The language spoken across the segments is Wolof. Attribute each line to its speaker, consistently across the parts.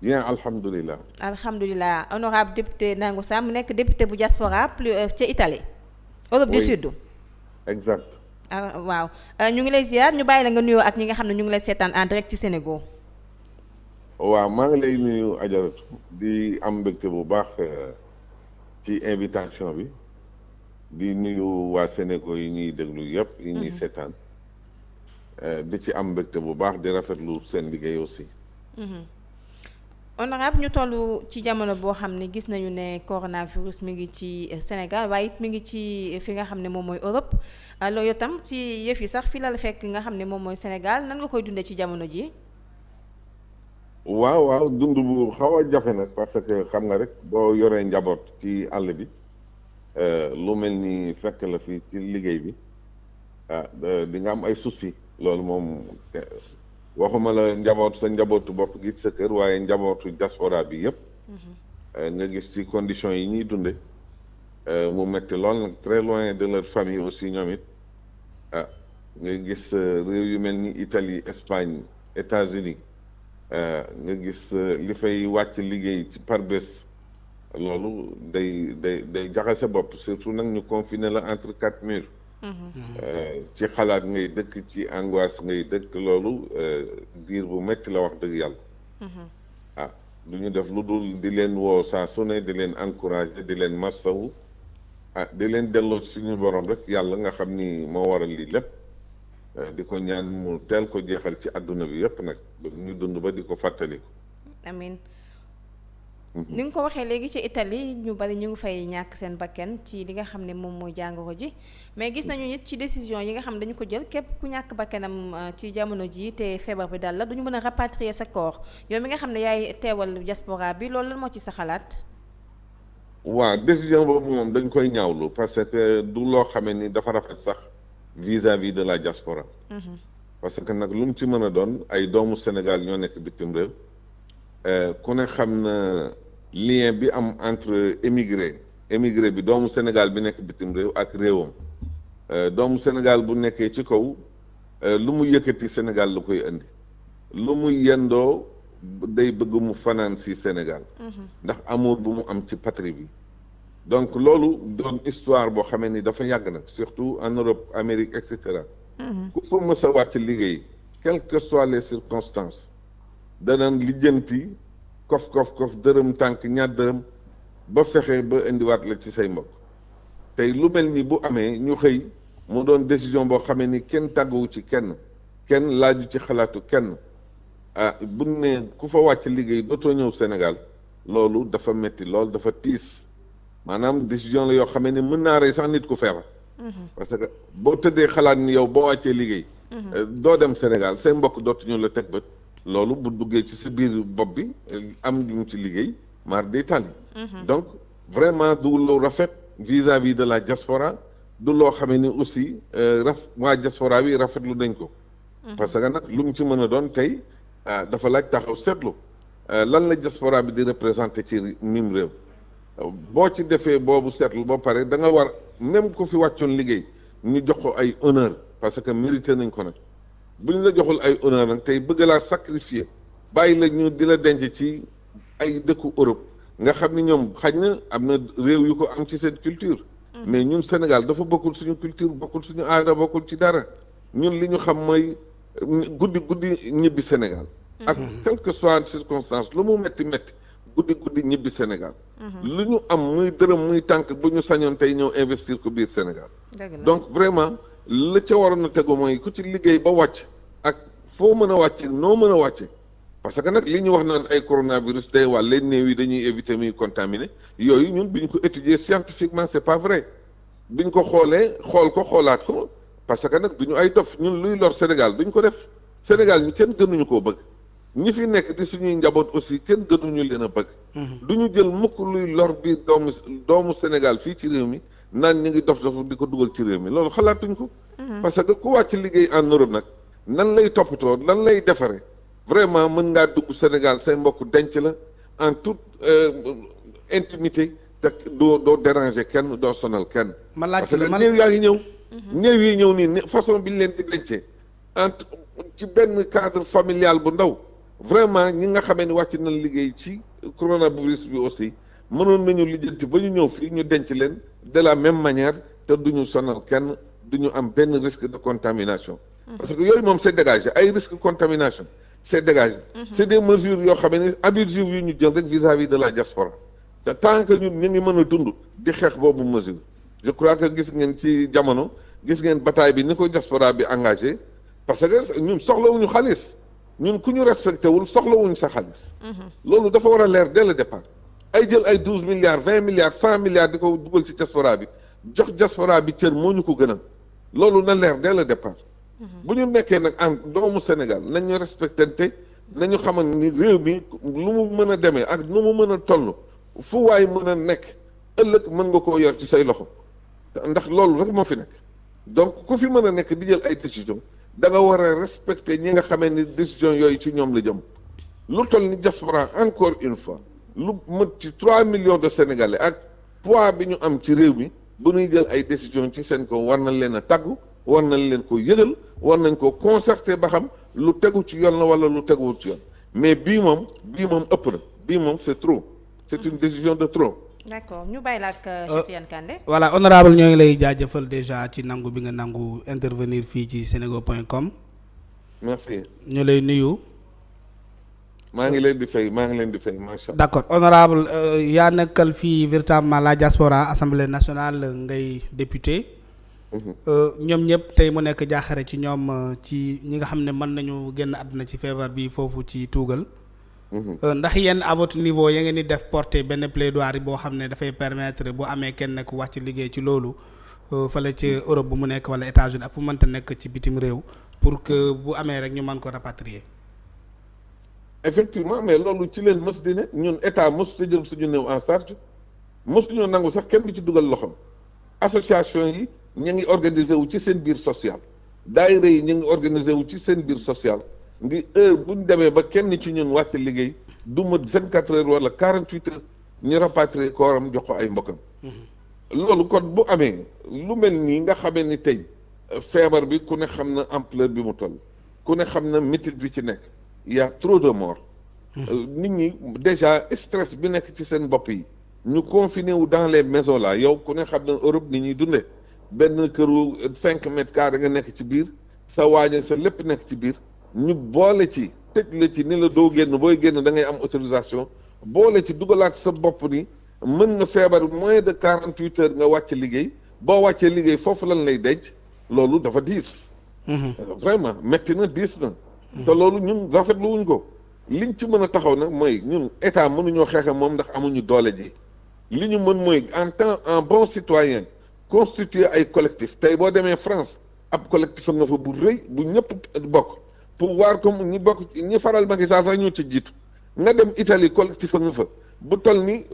Speaker 1: bien alhamdulilah.
Speaker 2: alhamdulilah honorable député Nangu Sam mu nekk député bu diaspora plus euh, ca Italie. Europe du Sud. exact ah, waaw euh, ñu ngi lay ziar ñu bàyyi la nga nuyoo ak ñi nga xam ne ñu ngi lay seetaan en direct ci Sénégal.
Speaker 1: waaw maa ngi lay nuyu Ajaratu di am mbégte bu baax euh, ci invitation bi di nuyu waa Sénégal yi ñuy déglu yëpp yi ñuy mhm. seetaan di ci am mbégte bu baax di rafetlu seen liggéey aussi.
Speaker 2: Mhm. honorable ñu toll ci jamono boo xam ne gis nañu ne coronavirus mi ngi ci eh, Sénégal waaye it mi ngi ci eh, fi nga xam ne moom mooy Europe ah, loolu itam ci yëf yi sax fi lal fekk nga xam ne moom mooy Sénégal nan nga koy dundee ci jamono ji
Speaker 1: waaw waaw dund bu xaw a jafe nag parce que xam nga rek boo yoree njaboot ci àll bi eh, lu mel ni fekk la fi ci liggéey bi ah di nga am ay soucis loolu moom waxuma la njaboot sa njabootu bopp gi sa kër waaye njabootu diaspora bi yëpp. Mhm. Eh, nga gis ci conditions yi ñuy dunde eh, mu metti lool nag très loin de leur famille aussi ñoom ah, nga gis eh, réew yu mel ni Italie Espagne États-Unis nga gis li fay wàcc liggéey ci par bés loolu day day day jaxase bopp surtout nag ñu confiné la entre quatre mille Euh, ci xalaat ngay dëkk ci angoisse ngay dëkk loolu biir euh, bu metti la wax dëgg yàlla mm-hmm. ah du ñu def lu dul di leen woo saa su ne di leen encourage di leen massawu ah di leen delloo suñu borom rek yàlla nga xam ni moo waral lii lépp euh, di ko ñaan mu teel ko jeexal ci àdduna bi yépp nag ñu dund ba di ko fàttaliku.
Speaker 2: amiin Mm-hmm. ni nga ko waxee léegi ci Italie ñu bari ñu ngi fay ñàkk seen bakken ci li nga xam ne moom mooy jàngoro ji mais gis nañu nit ci décision yi nga xam ne dañu ko jël képp ku ñàkk bakkenam euh, ci jamono ji te feebar bi dal la du mën a rapatrier sa corps yow mi nga xam ne yaay teewal diaspora bi loolu lan moo ci sa xalaat.
Speaker 1: waaw décision boobu moom dañ koy ñaawlu parce que du loo xamee ni dafa rafet sax vis-à-vis de la diaspora. Mm-hmm. parce que nag lu mu ci mën a doon ay doomu Sénégal ñoo nekk Euh, ku ne xam na lien bi am entre émigré émigré bi doomu Sénégal bi nekk bitim réew ak réewam euh, doomu Sénégal bu nekkee ci kaw euh, lu mu yëkkati Sénégal la koy indi lu mu yendoo day bëgg mu fanaan si Sénégal mhm. ndax amour bu mu am ci patrie bi donc loolu doon histoire boo xamee ni dafa yàgg nag surtout en Europe Amérique et cetera mhm. ku fa mës wàcc liggéey quelles que soient les circonstances danañ lijjanti kof kof kof dërëm tànk ñaar dërëm ba fexe ba indiwaat la ci say mbokk tey lu mel ni bu amee ñu xëy mu doon décision boo xamee ni kenn tàgguwu ci kenn kenn laaju ci xalaatu kenn ah bu ne ku fa wàcc liggéey dootoo ñëw Sénégal loolu dafa metti lool dafa tiis maanaam décision la yoo xamee ni mën naa rey sax nit ku feebar. Mm-hmm. parce que boo tëddee xalaat ni yow boo wàccee liggéey. Mm-hmm. doo dem Sénégal say mbokk dootuñu la teg bët. loolu bu duggee ci sa biir bopp bi am ñu ci liggéey maar day tàlli mhm. donc vraiment du lu rafet vis-à-vis de la diaspora du loo xamee ni aussi euh, raf waa diaspora bi rafetlu dañ ko mhm. parce que nag lu mu ci mën a doon tey ah, dafa laaj taxaw seetlu euh, lan la diaspora bi di représenté ci mim réew boo ci defee boobu seetlu ba pare da nga war même ko fi wàccoon liggéey ñu jox ko ay honneur parce que mérité nañ ko nag buñ la joxul ay honneur nag tey bëgg laa sacrifier bàyyi la ñu di la denc ci ay dëkku Europe nga xam ni ñoom xaj na am na réew yu ko am ci seen culture. Mm. mais ñun Sénégal dafa bokkul suñu culture bokkul suñu aada bokkul ci dara ñun li ñu xam mooy guddi guddi ñibbi Sénégal. Mm. ak mm-hmm. quelle que soit circonstance lu mu metti metti guddi guddi ñibbi Sénégal. Mm-hmm. lu ñu am muy dërëm muy tànk bu ñu sañoon tey ñëw investir ko biir Sénégal. donc vraiment la ca waroon a tegu mooy ku ci liggéey wàcc. foo mën a wàcc noo mën a wàcce parce que nag li ñu wax naan ay coronavirus day wàlle néew yi dañuy éviter muy contaminé yooyu ñun bi ñu ko étudier scientifiquement c'est pas vrai bi ñu ko xoolee xool ko xoolaat ko parce que nag du ñu ay dof ñun luy lor Sénégal bi duñ ko def Sénégal ñu kenn gënuñu koo bëgg ñi fi nekk di suñuy njaboot aussi kenn gënu gënuñu leen a bëgg. Mhm. du ñu jël mukk luy lor bi doomu doomu Sénégal fii ci réew mi naan ñu ngi dof dof di ko dugal ci réew mi loolu xalaatuñ ko. Mhm. parce que ku wàcc liggéey en Europe nag. nan lay toppatoo nan lay defaree vraiment mën ngaa dugg Sénégal say mbokk denc la en toute euh, intimité te doo doo déranger kenn doo sonal kenn. ma laaj la parce que néew yaa ngi ñëw. Mhm. néew yi ñëw nii façon bi ñu leen di dencee entre ci benn cadre familial bu ndaw vraiment ñi nga xamee ni wàcc nañ liggéey ci coronavirus bi aussi mënoon nañu lijjanti ba ñu ñëw fii ñu denc leen de la même manière te du ñu sonal kenn du ñu am benn risque de contamination. Mhm. parce que yooyu moom c'est dégagé ay risque contamination c'est dégagé. Mhm. c'est des mesures yoo xam ne abusives yu ñu jël rek vis-à-vis de la diaspora te tant que ñun ñu ngi mën a dund di xeex boobu mesure je crois que gis ngeen ci jamono gis ngeen bataille bi ni ko diaspora bi engagé parce que ñun soxlawuñu xaalis ñun ku ñu respecté wul soxlawuñu sa xaalis. Mhm. loolu dafa war a leer dès le départ. ay jël ay douze milliards vingt milliards cent milliards di ko dugal ci diaspora bi jox diaspora bi cër moo ñu ko gënal loolu na leer dès le départ. Mm-hmm. bu ñu nekkee nag am doomu Sénégal nañu respectante nañu xamal ni réew mi lu mu mën a demee ak nu mu mën a tollu fu waay mën a nekk ëllëg mën nga koo yor ci say loxo ndax loolu rek moo fi nekk donc ku fi mën a nekk di jël ay décision danga war a respecter ñi nga xamee ni décision yooyu ci ñoom la jëm lu toll ni diaspora encore une fois lu mët ci trois millions de sénégalais ak poids bi ñu am ci réew mi bu ñuy jël ay décision ci seen ko war na leen a tàggu war nañ leen ko yëgal war nañ ko concerté ba xam lu tegu ci yoon la wala lu teguwul ci yoon mais bii moom bii moom ëpp na bii moom c'est trop c'est une décision de trop.
Speaker 2: d'accord ñu bàyyi la ak euh, euh, Cheikh Kandé. honorable ñoo ngi lay jaajëfal déjà ci nangu bi nga nangu intervenir fii ci sénégal senego.com. merci ñu lay nuyu.
Speaker 1: maa ngi leen di fay maa ngi leen di fay macha allah. d'accord
Speaker 2: honorable euh, yaa nekkal fii véritablement la diaspora assemblée nationale ngay député. Mm-hmm. Euh, ñoom ñëpp tey mu nekk jaaxare ci ñoom euh, ci ñi nga xam ne mën nañu génn àdduna ci feebar bi foofu ci tuugal. Mm-hmm. Euh, ndax yenn à niveau ya ngeen di def porter benn plaidoirie boo xam ne dafay permettre bu amee kenn ku wàcc liggéey ci loolu fële ci Europe bu mu nekk wala États-Unis ak fu mënta nekk ci bitim réew pour que bu amee rek ñu mën ko rapatrier. effectivement mais loolu
Speaker 1: ci leen mës di ne ñun état mës di jël suñu néew en charge mës ñoo nangu sax kenn bi ci dugal loxoom ñu ngi organiser wu ci seen biir social daayira yi ñu ngi organiser wu ci seen biir social ngi heure bu demee ba kenn ci ñun wàcc liggéey du mat vingt quatre heures wala quarante huit heures ñu rapatrier kooram jox ko ay mbokkam.
Speaker 3: Mm-hmm.
Speaker 1: loolu kon bu amee lu mel nii nga xamee ni tey feebar bi ku ne xam na ampleur bi mu toll ku ne xam na métit bi ci nekk y a trop de morts. Mm-hmm. nit ñi déjà stress bi nekk ci seen bopp yi. ñu confiné wu dans les maisons là yow ku ne xam na Europe ni ñuy dundee. benn këru cinq mètres carré nga nekk ci biir sa waaja sa lépp nekk ci biir ñu boole ci tëj la ci ni la doo génn booy génn da ngay am autorisation boole ci dugalaat sa bopp ni mën nga feebar moins de quarante huit heures nga wàcc liggéey boo wàccee liggéey foofu lan lay denc loolu dafa diis. Mhm. vraiment métti na diis na. te loolu ñun rafetlu wuñ ko. liñ ci mën a taxaw nag mooy ñun état mënuñoo xeexe moom ndax amuñu doole ji li ñu mën mooy en tant en bon citoyen. constituer ay collectif tey boo demee France ab collectif nga fa bu rëy bu ñëpp bokk pouvoir comme ñi bokk ñi faral Macky Sall sax ñoo ci jiitu nga dem itali Italie collectif nga fa bu toll ni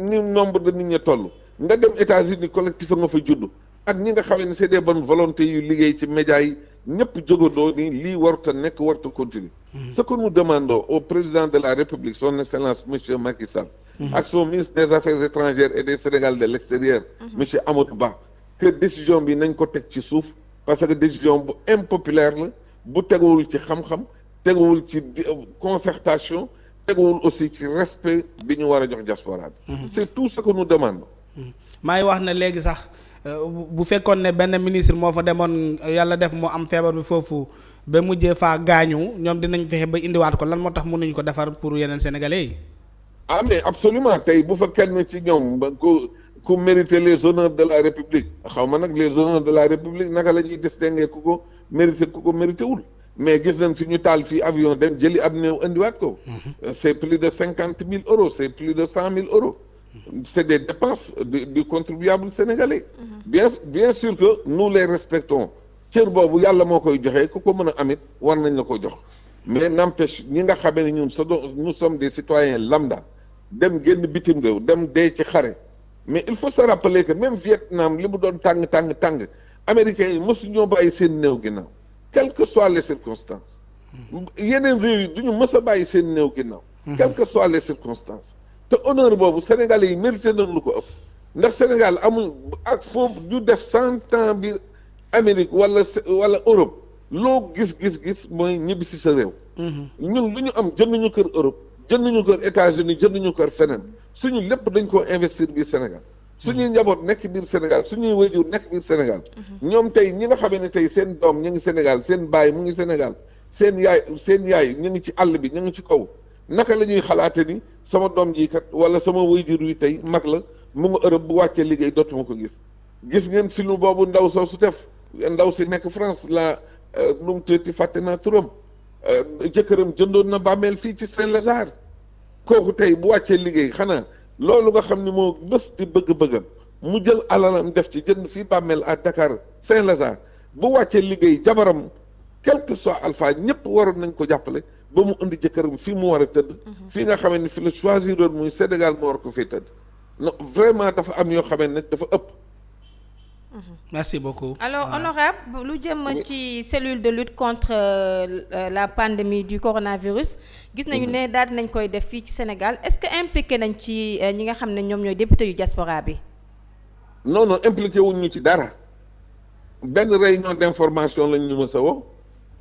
Speaker 1: ni nombre de nit ña toll nga dem États-Unis collectif nga fa juddu ak ñi nga xamee ne c'est des bonnes volontés yu liggéey ci médias yi ñëpp jógandoo ni lii waruta a nekk warut a continuer. Hmm. ce que nu demando au président de la République son excellence monsieur Macky Sall Mm-hmm. ak son ministre des affaires étrangères et des sénégal de l'extérieur mm-hmm. monsieur Amadou Ba que décision bi nañ ko teg ci suuf parce que décision bu impopulaire la bu teguwul ci xam-xam teguwul ci euh, concertation teguwul aussi ci respect bi ñu war a jox diaspora bi mm-hmm. c'est tout ce que nous demandons
Speaker 2: maa wax na léegi sax euh, bu fekkoon ne benn ministre moo fa demoon euh, yàlla def moo am feebar bi foofu ba mujjee faa gaañu ñoom dinañ fexe ba indiwaat ko lan moo tax mënuñ ko defar pour yeneen sénégalais yi
Speaker 1: ah mais absolument tey bu fa kenn ci ñoom ba ku ku mérité les honneurs de la république xaw ma nag les honneurs de la république naka la ñuy distinguer ku ko mérité ku ko mérité wul mais gis nañ fi ñu taal fii avion dem jëli ab néew indiwaat ko. Mhm. c' est plus de cinquante mille euros c' est plus de cent mille euros. c' est des dépenses du du contribuable mhm. bien bien sûr que nous les respectons. cër boobu yàlla moo koy joxe ku ko mën a amit war nañ la ko jox. mais n' empêche ñi nga xamee ne ñun nous sommes des citoyens lambda. dem génn bitim réew dem dee ci xare mais il faut se rappeler que même Vietnam li mu doon tàng tàng tàng américains yi mësu ñoo bàyyi seen néew ginnaaw quelles que soient les circonstances yeneen réew yi du ñu mës a bàyyi seen néew ginnaaw mhm. quelles que soient les circonstances te honneur boobu sénégalais yi mérité nañ lu ko ëpp ndax sénégal amul ak foofu ñu def cent temps bi amérique wala wala europe loo gis gis gis mooy ñibbi si sa réew mhm. ñun lu ñu am jën jënduñu kër europe jënduñu kër États-Unis jënduñu kër feneen suñu lépp dañ koo investir biir Sénégal suñuy mmh. njaboot nekk biir Sénégal suñuy wéjur nekk biir Sénégal mmh. ñoom tey ñi nga xamee ne tey seen doom ñu ngi Sénégal seen baay mu ngi Sénégal seen yaay seen yaay ñu ngi ci àll bi ñu ngi ci kaw naka la ñuy xalaate ni sama doom ji kat wala sama wéjur wi tey mag la mu nga Europe bu wàccee liggéey dootuma ko gis gis ngeen film boobu ndaw soo su def ndaw si nekk France la euh, nu mu tuuti fàtte naa turam euh, jëkkëram jëndoon na bàmmeel fii ci Saint-Lazare kooku tey bu wàccee liggéey xanaa loolu nga xam ni moo bés di bëgg-bëggam mu jël alalam def ci jënd fii bàmmeel à Dakar Saint-Lazare bu wàccee liggéey jabaram quelque que soit alpha ñëpp waroon nañ ko jàppale ba mu indi jëkkëram fii mu war a tëdd mhm. fii nga xamee ni fi la choisir doon muy Sénégal mu war ko fii tëdd non vraiment dafa am yoo xamee ne dafa ëpp
Speaker 2: Mm-hmm. merci beaucoup alors voilà. lu jëm ci cellule de lutte contre euh, euh, la pandémie du coronavirus gis nañu mm-hmm. ne daal nañ koy def fii ci Sénégal est-ce que impliqué nañ ci euh, ñi nga xam ne ñoom ñooy député yu diaspora bi
Speaker 1: non non impliqué ñu ci dara benn réunion d'information lañ ñu mës a woo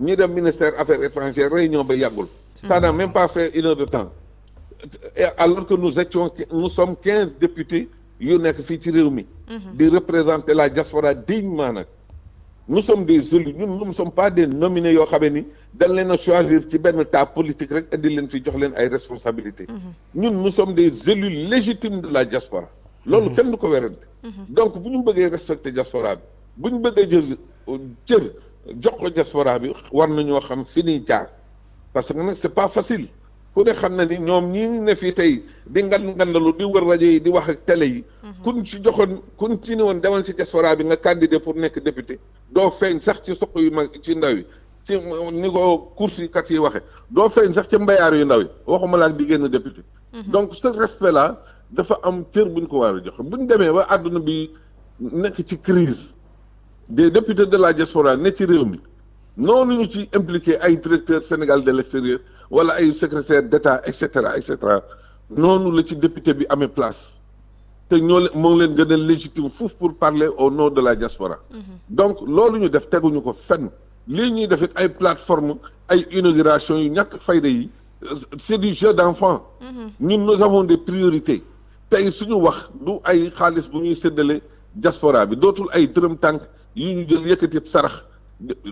Speaker 1: dem ministère affaires étrangères réunion ba yàggul mm-hmm. ça n'a même pas fait une heure de temps alors que nous étions nous sommes quinze députés yu nekk fii ci réew mi Mm-hmm. di représenter la diaspora dignement nag nous sommes des élus ñun nous ne sommes pas des nominés yoo xam ni dañ leen a choisir ci benn tas politique rek indi leen fi jox leen ay responsabilités. Mm-hmm. ñun nous sommes des élus légitimes de la diaspora. loolu mm-hmm. kenn du ko werante donc bu ñu bëggee respecter diaspora bi bu ñu bëggee jël cër jox ko diaspora bi war nañoo xam fi ñuy jaar parce que nag c'est pas facile. ku ne xam na ni ñoom ñi ne fii tey di ngan ngandalu di wër rajo yi di wax ak télé yi mhm. kuñ ci joxoon kuñ ci ne woon demal ci diaspora bi nga candidat pour nekk député doo feeñ sax ci suq yu mag ci ndaw yi ci ni ko course kat yi waxe doo feeñ sax ci mbayaar yu ndaw yi waxuma laa di génn député mhm. donc ce respect la dafa am cër buñ ko war a joxe buñ demee ba àdduna bi nekk ci crise des députés de la diaspora ne ci réew mi noonu ñu ci impliqué ay directeurs Sénégal de l'extérieur wala ay secrétaire d'État et cetera et cetera noonu la ci député bi amee place te ñoo moo leen gën a légitime foofu pour parler au non de la diaspora mm-hmm. donc loolu ñu def teguñu ko fen li ñuy def it ay plateforme ay inauguration yu ñàkk fayda yi euh, c'est du jeu d'enfant mm-hmm. ñun nous avons des priorités tey suñu wax du ay xaalis bu ñuy séddale diaspora bi dootul ay dërëm tànk yu ñu jël yëkkati sarax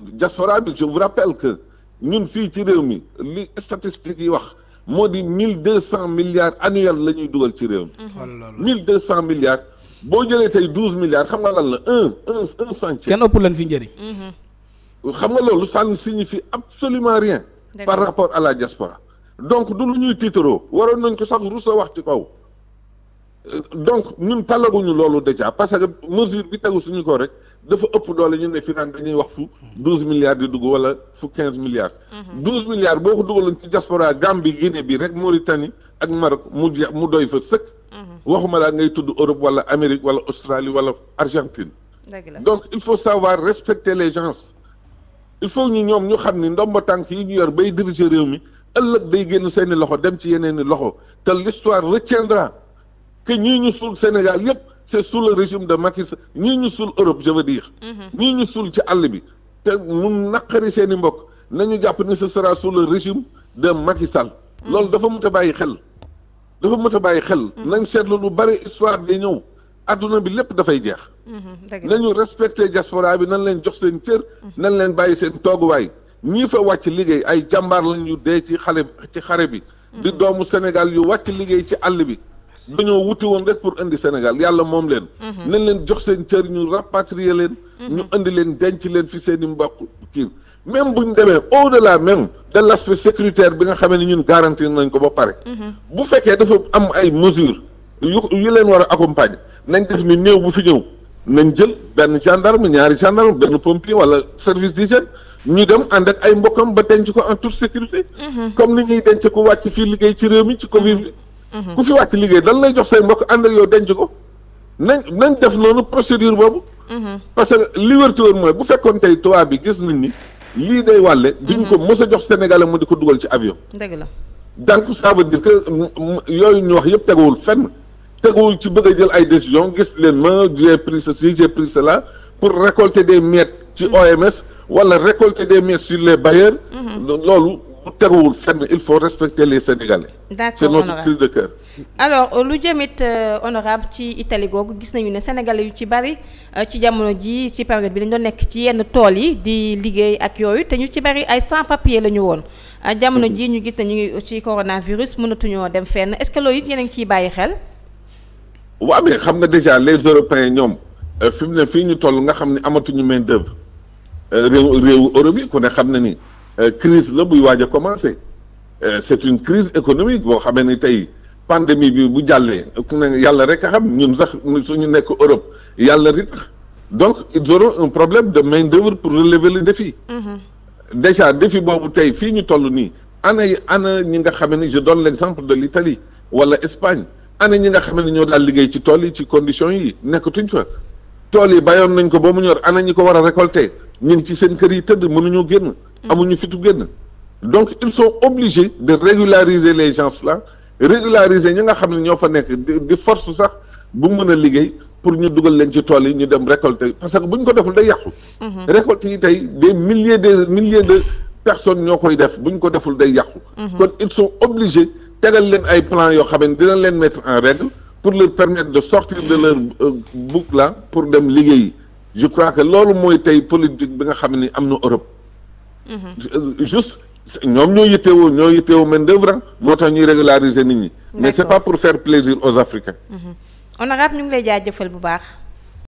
Speaker 1: diaspora bi je vous rappelle que ñun fii ci réew mi li statistiques yi wax moo di mille deux cent milliards annuels la ñuy dugal ci réew mi mhm. oh mille deux cent milliards boo jëlee tey douze milliards xam nga lan la un un un centième kenn ëpp leen fi njëriñ
Speaker 3: mhm.
Speaker 1: xam nga loolu ça ne signifie absolument rien par rapport à la diaspora donc du lu ñuy tiitaroo waroon nañ ko sax rusa wax ci kaw euh, donc ñun talaguñu loolu de déjà parce que mesure bi tegu suñu ko rek dafa ëpp doole ñu ne fi naan dañuy wax fu mhm. douze milliards di dugg wala fu quinze milliards mhm. douze milliards boo ko dugaloon ci diaspora Gambie Guinée bi rek Mauritanie ak Maroc mu mu doy fa sëkk mhm. waxuma laa ngay tudd Europe wala Amérique wala Australie wala Argentine donc il faut savoir respecter les gens il faut ñu ñoom ñu xam ni ndomba tànk yi ñu yor bay diriger réew mi ëllëg day génn seeni loxo dem ci yeneeni loxo te l'histoire retiendra que ñii ñu suul Sénégal yépp c'est sous le régime de Macky Sall ñii ñu suul Europe je veux mhm. ñii ñu suul ci àll bi te mu naqari seen i mbokk nañu jàpp ni ce sera sous régime de Macky Sall. Mhm. loolu dafa mën a bàyyi xel. dafa mën a bàyyi xel. Mhm. nañ seetlu lu bari histoire day ñëw adduna bi lépp dafay jeex. nañu respecté diaspora bi nan leen jox seen cër. nan leen bàyyi seen tooguwaay ñii fa wàcc liggéey ay jàmbaar lañ yu dee ci xale ci xare bi. di doomu Sénégal yu wàcc liggéey ci àll bi. dañoo wuti woon rek pour indi Sénégal yàlla moom leen mhm. nañ leen jox seen cër ñu rapatrier leen mhm. ñu indi leen denc leen fi seen i mbokk kii même bu ñu demee au delà même de l' aspect sécuritaire bi nga xamee ne ñun garantir nañ ko ba pare mhm. bu fekkee dafa am ay mesures yu leen war a accompagner nañ def ni néew bu fi ñëw nañ jël benn gendarme ñaari gendarme benn pompier wala service d'hygiène ñu dem ànd ak ay mbokkam ba denc ko en toute sécurité comme ni Mhm. ku fi wàcc liggéey dan lay jox say mbokk ànd ak yow denc ko nañ nañ def noonu procédure boobu mhm. parce que li wértu woon mooy bu fekkoon tey toit bi gis nañ ni lii day wàlle duñ ko mhm. mës jox sénégalais mu di ko dugal ci avion dëgg la donc ça veut dire que yooyu ñu wax yëpp teguwul fenn teguwul ci bëgg a jël ay décision gis leen ma j'ai pris ceci j'ai pris pour récolter des miettes ci OMS wala récolter des miettes sur les bailleurs loolu teguwul fenn il faut respecter les Sénégalais.
Speaker 2: d'accord c'est notre cri de cœur. alors euh, lu jëmit euh, honorable ci Italie googu gis nañu ne Sénégalais yu ci bari euh, ci jamono ji ci période bi dañu doon nekk ci yenn tool yi di liggéey ak yooyu te ñu ci bari ay sans papier la ñu woon. jamono mhm. ji ñu gis ne ñu ngi ci coronavirus mënatuñoo dem fenn est-ce que loolu ngi ciy bàyyi xel.
Speaker 1: waaw mais xam nga déjà les Européens ñoom fi ne fii ñu toll nga xam ni amatuñu main d'œuvre réew réewu yi ku ne xam na ni. Euh, crise la buy waaj a commencé euh, c'est une crise économique boo xamee ni tey pandémie bi bu jàllee ku ne yàlla rek a xam ñun sax ñu nekk Europe yàlla rit donc ils auront un problème de main d'œuvre pour relever le défi mm-hmm. déjà défi boobu tey fii ñu toll nii ana ana ñi nga xamee ni je donne l'exemple de l'Italie wala Espagne ana ñi nga xamee ni ñoo daal liggéey ci tool yi ci condition yi nekkatuñ fa tool yi bayoon nañ ko ba mu ñor ana ñi ko war a récolter ñu ci seen kër yi tëdd mënuñoo génn Mm. amuñu fitu génn donc ils sont obligés de régulariser les gens là régulariser ñi nga xam ne ñoo fa nekk di force sax bu mën a liggéey pour ñu dugal leen ci tool yi ñu dem récolter parce que bu ñu ko deful day yàqu mm-hmm. récolte yi tey des milliers de milliers de personnes ñoo koy def bu ñu ko deful day yàqu mm-hmm. kon ils sont obligés tegal leen ay plan yoo xam ne dina leen mettre en règle pour leur permettre de sortir de leur euh, boucle là pour dem liggéey je crois que loolu mooy tey politique bi nga xam ne am na Europe Euh, juste ñoom ñoo yittewoo ñoo yittewoo main d'œuvre moo tax ñuy régulariser nit ñi. mais c'est pas pour faire plaisir aux Africains.
Speaker 2: Mm-hmm. honorable ñu ngi lay jaajëfal bu baax.